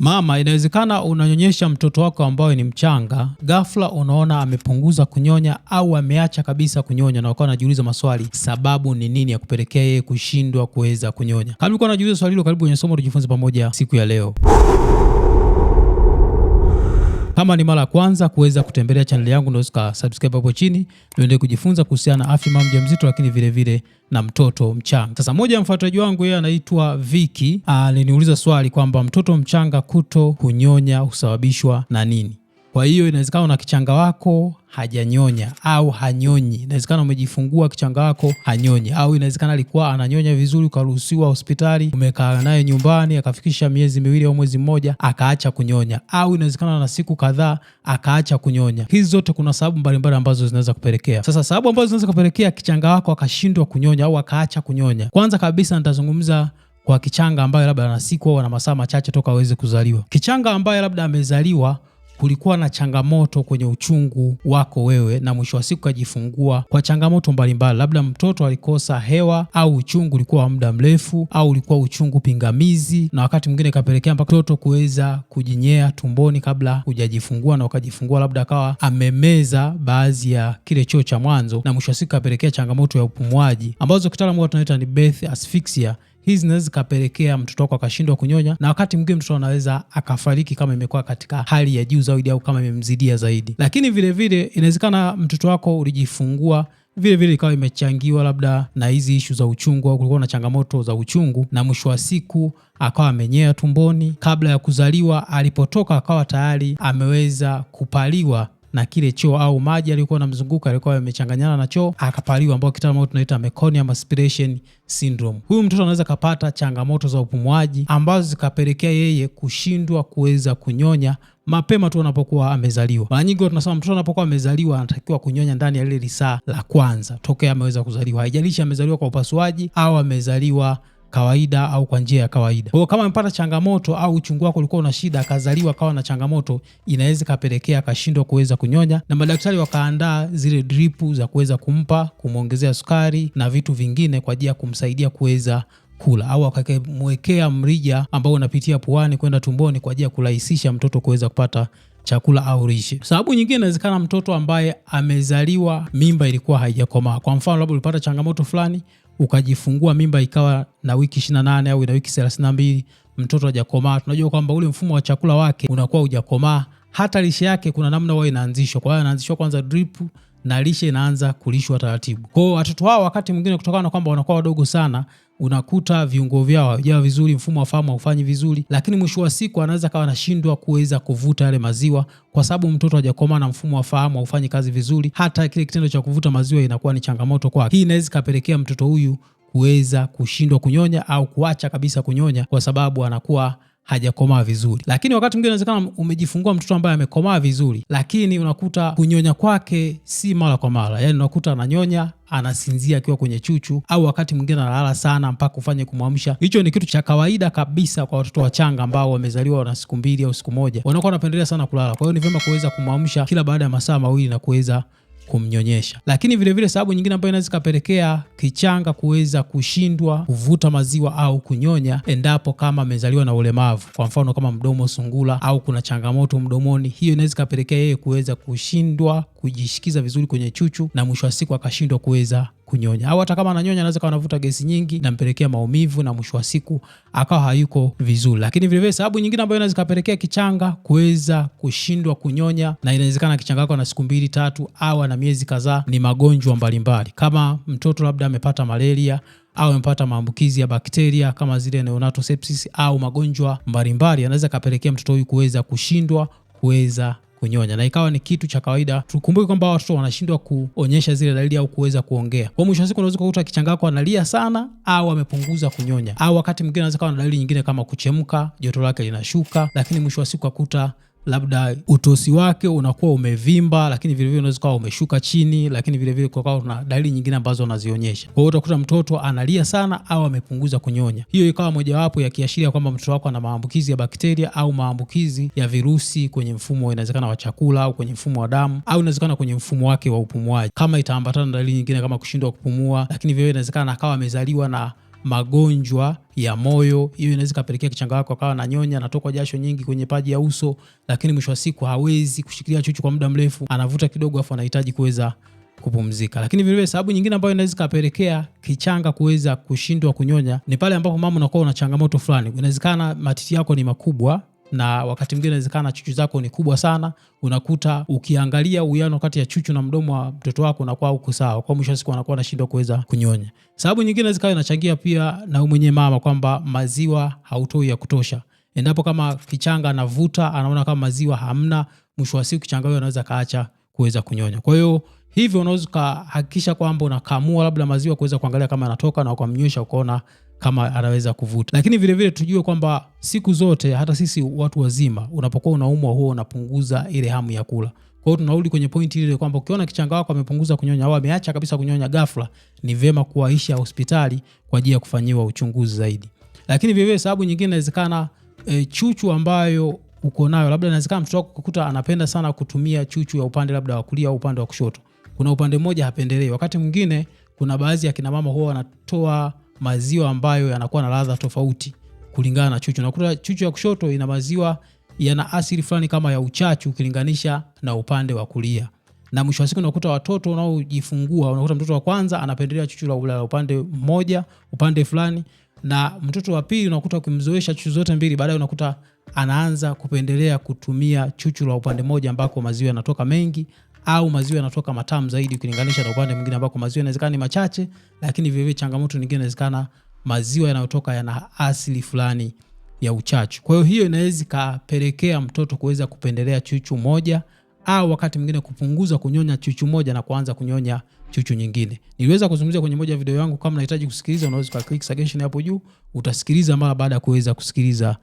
Mama, inawezekana unanyonyesha mtoto wako ambaye ni mchanga, ghafla unaona amepunguza kunyonya au ameacha kabisa kunyonya, na ukawa unajiuliza maswali, sababu ni nini ya kupelekea yeye kushindwa kuweza kunyonya? Kama ulikuwa unajiuliza swali hilo, karibu kwenye somo tujifunze pamoja siku ya leo. Kama ni mara ya kwanza kuweza kutembelea chaneli yangu, unaweza ukasubscribe hapo chini, tuendelee kujifunza kuhusiana na afya mama mjamzito, lakini vilevile vile na mtoto mchanga. Sasa moja ya mfuatiliaji wangu yeye anaitwa Viki ah, aliniuliza swali kwamba mtoto mchanga kuto hunyonya husababishwa na nini? Kwa hiyo inawezekana una kichanga wako hajanyonya au hanyonyi, inawezekana umejifungua kichanga wako hanyonyi, au inawezekana alikuwa ananyonya vizuri, ukaruhusiwa hospitali, umekaa naye nyumbani akafikisha miezi miwili au mwezi mmoja akaacha kunyonya, au inawezekana na siku kadhaa akaacha kunyonya. Hizi zote kuna sababu mbalimbali ambazo zinaweza kupelekea. Sasa sababu ambazo zinaweza kupelekea kichanga wako akashindwa kunyonya au akaacha kunyonya, kwanza kabisa nitazungumza kwa kichanga ambayo labda ana siku au ana masaa machache toka aweze kuzaliwa. Kichanga ambayo labda amezaliwa kulikuwa na changamoto kwenye uchungu wako wewe, na mwisho wa siku kajifungua kwa changamoto mbalimbali, labda mtoto alikosa hewa au uchungu ulikuwa wa muda mrefu au ulikuwa uchungu pingamizi, na wakati mwingine ikapelekea mpaka mtoto kuweza kujinyea tumboni kabla hujajifungua, na ukajifungua labda akawa amemeza baadhi ya kile choo cha mwanzo, na mwisho wa siku kapelekea changamoto ya upumuaji ambazo kitaalamu huwa tunaita ni birth asphyxia hizi zinaweza zikapelekea mtoto wako akashindwa kunyonya, na wakati mwingine mtoto anaweza akafariki kama imekuwa katika hali ya juu zaidi au kama imemzidia zaidi. Lakini vilevile inawezekana mtoto wako ulijifungua vile vile ikawa imechangiwa labda na hizi ishu za uchungu, au kulikuwa na changamoto za uchungu, na mwisho wa siku akawa amenyea tumboni kabla ya kuzaliwa, alipotoka akawa tayari ameweza kupaliwa na kile choo au maji aliyokuwa yanamzunguka alikuwa amechanganyana na choo, akapaliwa, ambao kitaalamu tunaita meconium aspiration syndrome. Huyu mtoto anaweza kapata changamoto za upumuaji ambazo zikapelekea yeye kushindwa kuweza kunyonya mapema tu anapokuwa amezaliwa. Mara nyingi tunasema mtoto anapokuwa amezaliwa anatakiwa kunyonya ndani ya lile lisaa la kwanza tokea ameweza kuzaliwa, haijalishi amezaliwa kwa upasuaji au amezaliwa kawaida au kwa njia ya kawaida. Kwa hiyo kama amepata changamoto au uchungu wako ulikuwa una shida, akazaliwa akawa na changamoto, inaweza kapelekea akashindwa kuweza kunyonya, na madaktari wakaandaa zile dripu za kuweza kumpa, kumwongezea sukari na vitu vingine kwa ajili ya kumsaidia kuweza kula au akamwekea mrija ambao unapitia puani kwenda tumboni kwa ajili ya kurahisisha mtoto kuweza kupata chakula au lishe. Sababu nyingine inawezekana mtoto ambaye amezaliwa mimba ilikuwa haijakomaa. Kwa mfano, labda ulipata changamoto fulani ukajifungua mimba ikawa na wiki 28 au ina wiki 32 mtoto hajakomaa, tunajua kwamba ule mfumo wa chakula wake unakuwa hujakomaa. Hata lishe yake kuna namna huwa inaanzishwa, kwa hiyo anaanzishwa kwanza drip na lishe inaanza kulishwa taratibu. Kwa hiyo watoto hao wakati mwingine kutokana na kwamba wanakuwa wadogo sana, unakuta viungo vyao havijawa vizuri, mfumo wa fahamu haufanyi vizuri, lakini mwisho wa siku anaweza kawa anashindwa kuweza kuvuta yale maziwa kwa sababu mtoto hajakomaa na mfumo wa fahamu haufanyi kazi vizuri. Hata kile kitendo cha kuvuta maziwa inakuwa ni changamoto kwake. Hii inaweza ikapelekea mtoto huyu kuweza kushindwa kunyonya au kuacha kabisa kunyonya kwa sababu anakuwa hajakomaa vizuri. Lakini wakati mwingine inawezekana umejifungua mtoto ambaye amekomaa vizuri, lakini unakuta kunyonya kwake si mara kwa mara, yaani unakuta ananyonya anasinzia akiwa kwenye chuchu au wakati mwingine analala sana mpaka ufanye kumwamsha. Hicho ni kitu cha kawaida kabisa kwa watoto wachanga ambao wamezaliwa na siku mbili au siku moja, wanakuwa wanapendelea sana kulala. Kwa hiyo ni vyema kuweza kumwamsha kila baada ya masaa mawili na kuweza kumnyonyesha. Lakini vilevile sababu nyingine ambayo inaweza ikapelekea kichanga kuweza kushindwa kuvuta maziwa au kunyonya, endapo kama amezaliwa na ulemavu, kwa mfano kama mdomo sungula au kuna changamoto mdomoni, hiyo inaweza ikapelekea yeye kuweza kushindwa kujishikiza vizuri kwenye chuchu na mwisho wa siku akashindwa kuweza kunyonya, au hata kama ananyonya anaweza kawa anavuta gesi nyingi nampelekea maumivu na mwisho wa siku akawa hayuko vizuri. Lakini vilevile sababu nyingine ambayo inaweza kapelekea kichanga kuweza kushindwa kunyonya, na inawezekana kichanga kwa na siku mbili tatu au na miezi kadhaa, ni magonjwa mbalimbali, kama mtoto labda amepata malaria au amepata maambukizi ya bakteria kama zile neonatal sepsis au magonjwa mbalimbali, anaweza kapelekea mtoto huyu kuweza kushindwa kuweza kunyonya, na ikawa ni kitu cha kawaida. Tukumbuke kwamba watoto wanashindwa kuonyesha zile dalili au kuweza kuongea. Kwa mwisho wa siku, unaweza kukuta kichangako analia sana au amepunguza kunyonya, au wakati mwingine anaweza kawa na dalili nyingine kama kuchemka, joto lake linashuka, lakini mwisho wa siku akuta labda utosi wake unakuwa umevimba, lakini vilevile unaweza kuwa umeshuka chini, lakini vilevile kukawa na dalili nyingine ambazo anazionyesha Kwa hiyo utakuta mtoto analia sana au amepunguza kunyonya, hiyo ikawa mojawapo ya kiashiria kwamba mtoto wako ana maambukizi ya bakteria au maambukizi ya virusi kwenye mfumo, inawezekana wa chakula au kwenye mfumo wa damu, au inawezekana kwenye mfumo wake wa upumuaji, kama itaambatana na dalili nyingine kama kushindwa kupumua, lakini vilevile inawezekana akawa amezaliwa na magonjwa ya moyo. Hiyo inaweza kapelekea kichanga wako akawa ananyonya, anatokwa jasho nyingi kwenye paji ya uso, lakini mwisho wa siku hawezi kushikilia chuchu kwa muda mrefu, anavuta kidogo, afu anahitaji kuweza kupumzika. Lakini vilevile sababu nyingine ambayo inaweza kapelekea kichanga kuweza kushindwa kunyonya ni pale ambapo mama unakuwa una changamoto fulani. Inawezekana matiti yako ni makubwa na wakati mwingine inawezekana chuchu zako ni kubwa sana, unakuta ukiangalia uwiano kati ya chuchu na mdomo wa mtoto wako unakuwa uko sawa, kwa mwisho siku anakuwa anashindwa kuweza kunyonya. Sababu nyingine zikawa inachangia pia na wewe mwenyewe mama kwamba maziwa hautoi ya kutosha. Endapo kama kichanga anavuta, anaona kama maziwa hamna, mwisho wa siku kichanga huyo anaweza kaacha kuweza kunyonya. Kwa hiyo hivyo unaweza ukahakikisha kwamba unakamua labda maziwa kuweza kuangalia kama yanatoka na ukamnywesha ukaona kama anaweza kuvuta. Lakini vile vile tujue kwamba siku zote, hata sisi watu wazima, unapokuwa unaumwa huwa unapunguza ile hamu ya kula. Kwa hiyo tunarudi kwenye pointi ile kwamba ukiona kichanga wako amepunguza kunyonya au ameacha kabisa kunyonya ghafla, ni vyema kuwaisha hospitali kwa ajili ya kufanyiwa uchunguzi zaidi. Lakini vile vile sababu nyingine inawezekana e, chuchu ambayo uko nayo, labda inawezekana mtoto wako kukuta anapenda sana kutumia chuchu ya upande labda wa kulia au upande wa kushoto, kuna upande mmoja hapendelei. Wakati mwingine kuna baadhi ya kina mama huwa wanatoa maziwa ambayo yanakuwa na ladha tofauti kulingana na chuchu. Unakuta chuchu ya kushoto ina maziwa yana asili fulani kama ya uchachu ukilinganisha na upande wa kulia. Na mwisho wa siku unakuta watoto wanaojifungua, unakuta mtoto wa kwanza anapendelea chuchu la upande mmoja, upande fulani, na mtoto wa pili unakuta ukimzoesha chuchu zote mbili, baadaye unakuta anaanza kupendelea kutumia chuchu la upande mmoja ambako maziwa yanatoka mengi, au maziwa yanatoka matamu zaidi ukilinganisha na upande mwingine ambako maziwa yanawezekana ni machache, lakini vile changamoto nyingine inawezekana maziwa yanayotoka yana asili fulani ya uchachu. Kwa hiyo hiyo inaweza ikapelekea mtoto kuweza kupendelea chuchu moja au wakati mwingine kupunguza kunyonya chuchu moja na kuanza kunyonya chuchu nyingine. Niliweza kuzungumzia kwenye moja ya video yangu, kama unahitaji kusikiliza unaweza click suggestion hapo juu, utasikiliza mara baada ya kuweza kusikiliza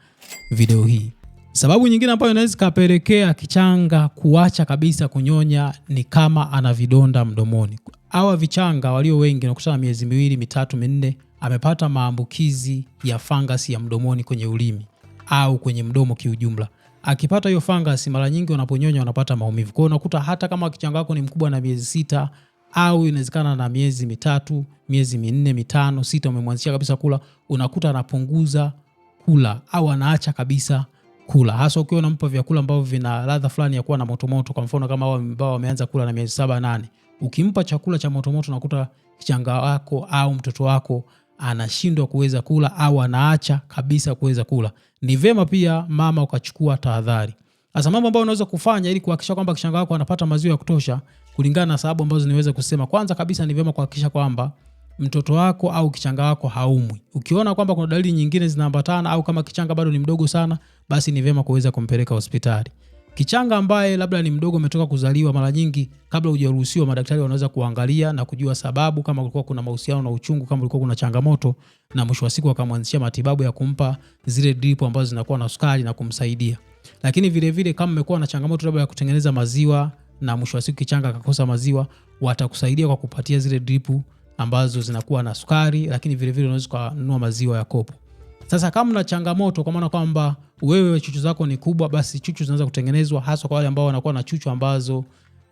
video hii. Sababu nyingine ambayo inaweza kapelekea kichanga kuacha kabisa kunyonya ni kama ana vidonda mdomoni. Hawa vichanga walio wengi nakutana miezi miwili mitatu minne, amepata maambukizi ya fangasi ya mdomoni kwenye ulimi au kwenye mdomo kiujumla. Akipata hiyo fangasi, mara nyingi wanaponyonya wanapata maumivu. Kwa hiyo unakuta hata kama kichanga wako ni mkubwa na miezi sita au inawezekana na miezi mitatu, miezi minne, mitano, sita, umemwanzisha kabisa kula, unakuta anapunguza kula au anaacha kabisa kula, hasa ukiwa unampa vyakula ambavyo vina ladha fulani ya kuwa na motomoto. Kwa mfano kama ambao wameanza kula na miezi saba nane, ukimpa chakula cha motomoto unakuta kichanga wako au mtoto wako anashindwa kuweza kula au anaacha kabisa kuweza kula. Ni vema pia mama ukachukua tahadhari. Sasa mambo ambayo unaweza kufanya ili kuhakikisha kwamba kichanga wako anapata maziwa ya kutosha kulingana na sababu ambazo niweza kusema. Kwanza kabisa, ni vema kuhakikisha kwamba mtoto wako au kichanga wako haumwi. Ukiona kwamba kuna dalili nyingine zinaambatana au kama kichanga bado ni mdogo sana, basi ni vyema kuweza kumpeleka hospitali. Kichanga ambaye labda ni mdogo umetoka kuzaliwa, mara nyingi kabla hujaruhusiwa, madaktari wanaweza kuangalia na kujua sababu, kama kulikuwa kuna mahusiano na uchungu, kama kulikuwa kuna changamoto, na mwisho wa siku akamwanzishia matibabu ya kumpa zile drip ambazo zinakuwa na sukari na kumsaidia. Lakini vile vile kama umekuwa na changamoto labda ya kutengeneza maziwa na mwisho wa siku kichanga akakosa maziwa, watakusaidia kwa kupatia zile dripu ambazo zinakuwa na sukari, lakini vilevile unaweza kununua maziwa ya kopo. Sasa kama una changamoto kwa maana kwamba wewe chuchu zako ni kubwa, basi chuchu zinaanza kutengenezwa, hasa kwa wale ambao wanakuwa na chuchu ambazo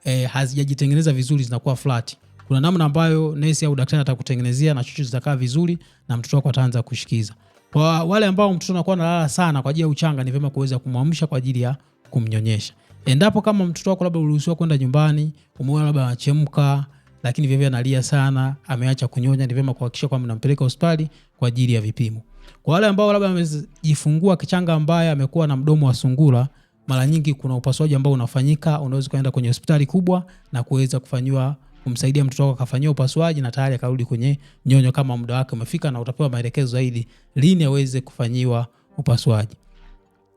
eh, hazijajitengeneza vizuri, zinakuwa flat. Kuna namna ambayo nesi au daktari atakutengenezea na chuchu zitakaa vizuri na mtoto wako ataanza kushikiza. Kwa wale ambao mtoto anakuwa analala sana kwa ajili ya uchanga, ni vyema kuweza kumwamsha kwa ajili ya kumnyonyesha. Endapo kama mtoto wako labda uliruhusiwa kwenda nyumbani, umeona labda anachemka lakini vivyo analia sana, ameacha kunyonya, ni vyema kuhakikisha kwamba nampeleka hospitali kwa ajili ya vipimo. Kwa wale ambao labda amejifungua kichanga ambaye amekuwa na mdomo wa sungura, mara nyingi kuna upasuaji ambao unafanyika, unaweza kwenda kwenye hospitali kubwa na kuweza kufanyiwa kumsaidia mtoto wako akafanyiwa upasuaji na tayari akarudi kwenye nyonyo kama muda wake umefika, na utapewa maelekezo zaidi lini aweze kufanyiwa upasuaji.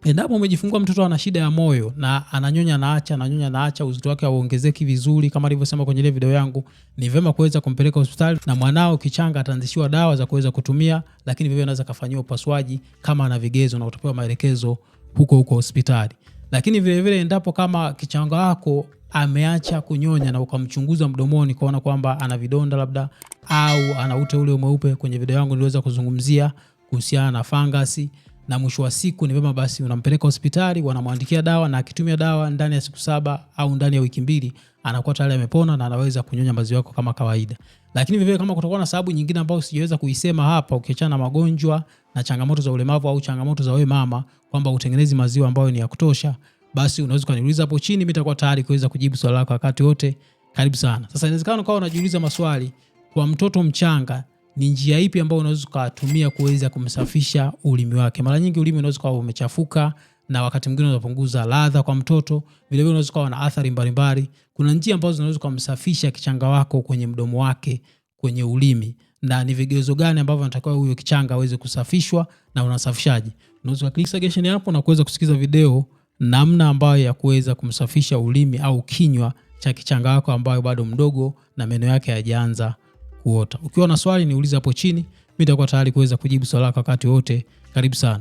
Endapo umejifungua mtoto ana shida ya moyo na ananyonya naacha, ananyonya naacha, uzito wake auongezeki vizuri kama alivyosema kwenye ile video yangu, ni vyema kuweza kumpeleka hospitali na mwanao kichanga ataanzishiwa dawa za kuweza kutumia, lakini vivyo anaweza kafanyiwa upasuaji kama ana vigezo na utapewa maelekezo huko huko hospitali. Lakini vile vile endapo kama kichanga wako ameacha kunyonya na ukamchunguza mdomoni kuona kwamba ana vidonda labda au ana ute ule mweupe, kwenye video yangu niliweza kuzungumzia kuhusiana na fangasi na mwisho wa siku ni vema basi unampeleka hospitali, wanamwandikia dawa, na akitumia dawa ndani ya siku saba au ndani ya wiki mbili anakuwa tayari amepona na anaweza kunyonya maziwa yako kama kawaida. Lakini vivyo kama kutakuwa na sababu nyingine ambayo sijaweza kuisema hapa, ukiachana na magonjwa na changamoto za ulemavu au changamoto za wewe mama kwamba utengenezi maziwa ambayo ni ya kutosha, basi unaweza kuniuliza hapo chini, mimi nitakuwa tayari kuweza kujibu swali lako wakati wote. Karibu sana. Sasa inawezekana ukawa unajiuliza maswali kwa mtoto mchanga ni njia ipi ambayo unaweza ukatumia kuweza kumsafisha ulimi wake. Mara nyingi ulimi unaweza kuwa umechafuka na wakati mwingine unapunguza ladha kwa mtoto, vilevile unaweza kuwa na athari mbalimbali. Kuna njia ambazo unaweza kumsafisha kichanga wako kwenye mdomo wake, kwenye ulimi, na ni vigezo gani ambavyo natakiwa huyo kichanga aweze kusafishwa na unasafishaji. Unaweza click suggestion hapo na kuweza kusikiza video namna ambayo ya kuweza kumsafisha ulimi au kinywa cha kichanga wako ambayo bado mdogo na meno yake hayajaanza ya kuota. Ukiwa na swali niulize hapo chini, mimi nitakuwa tayari kuweza kujibu swali lako wakati wote. Karibu sana.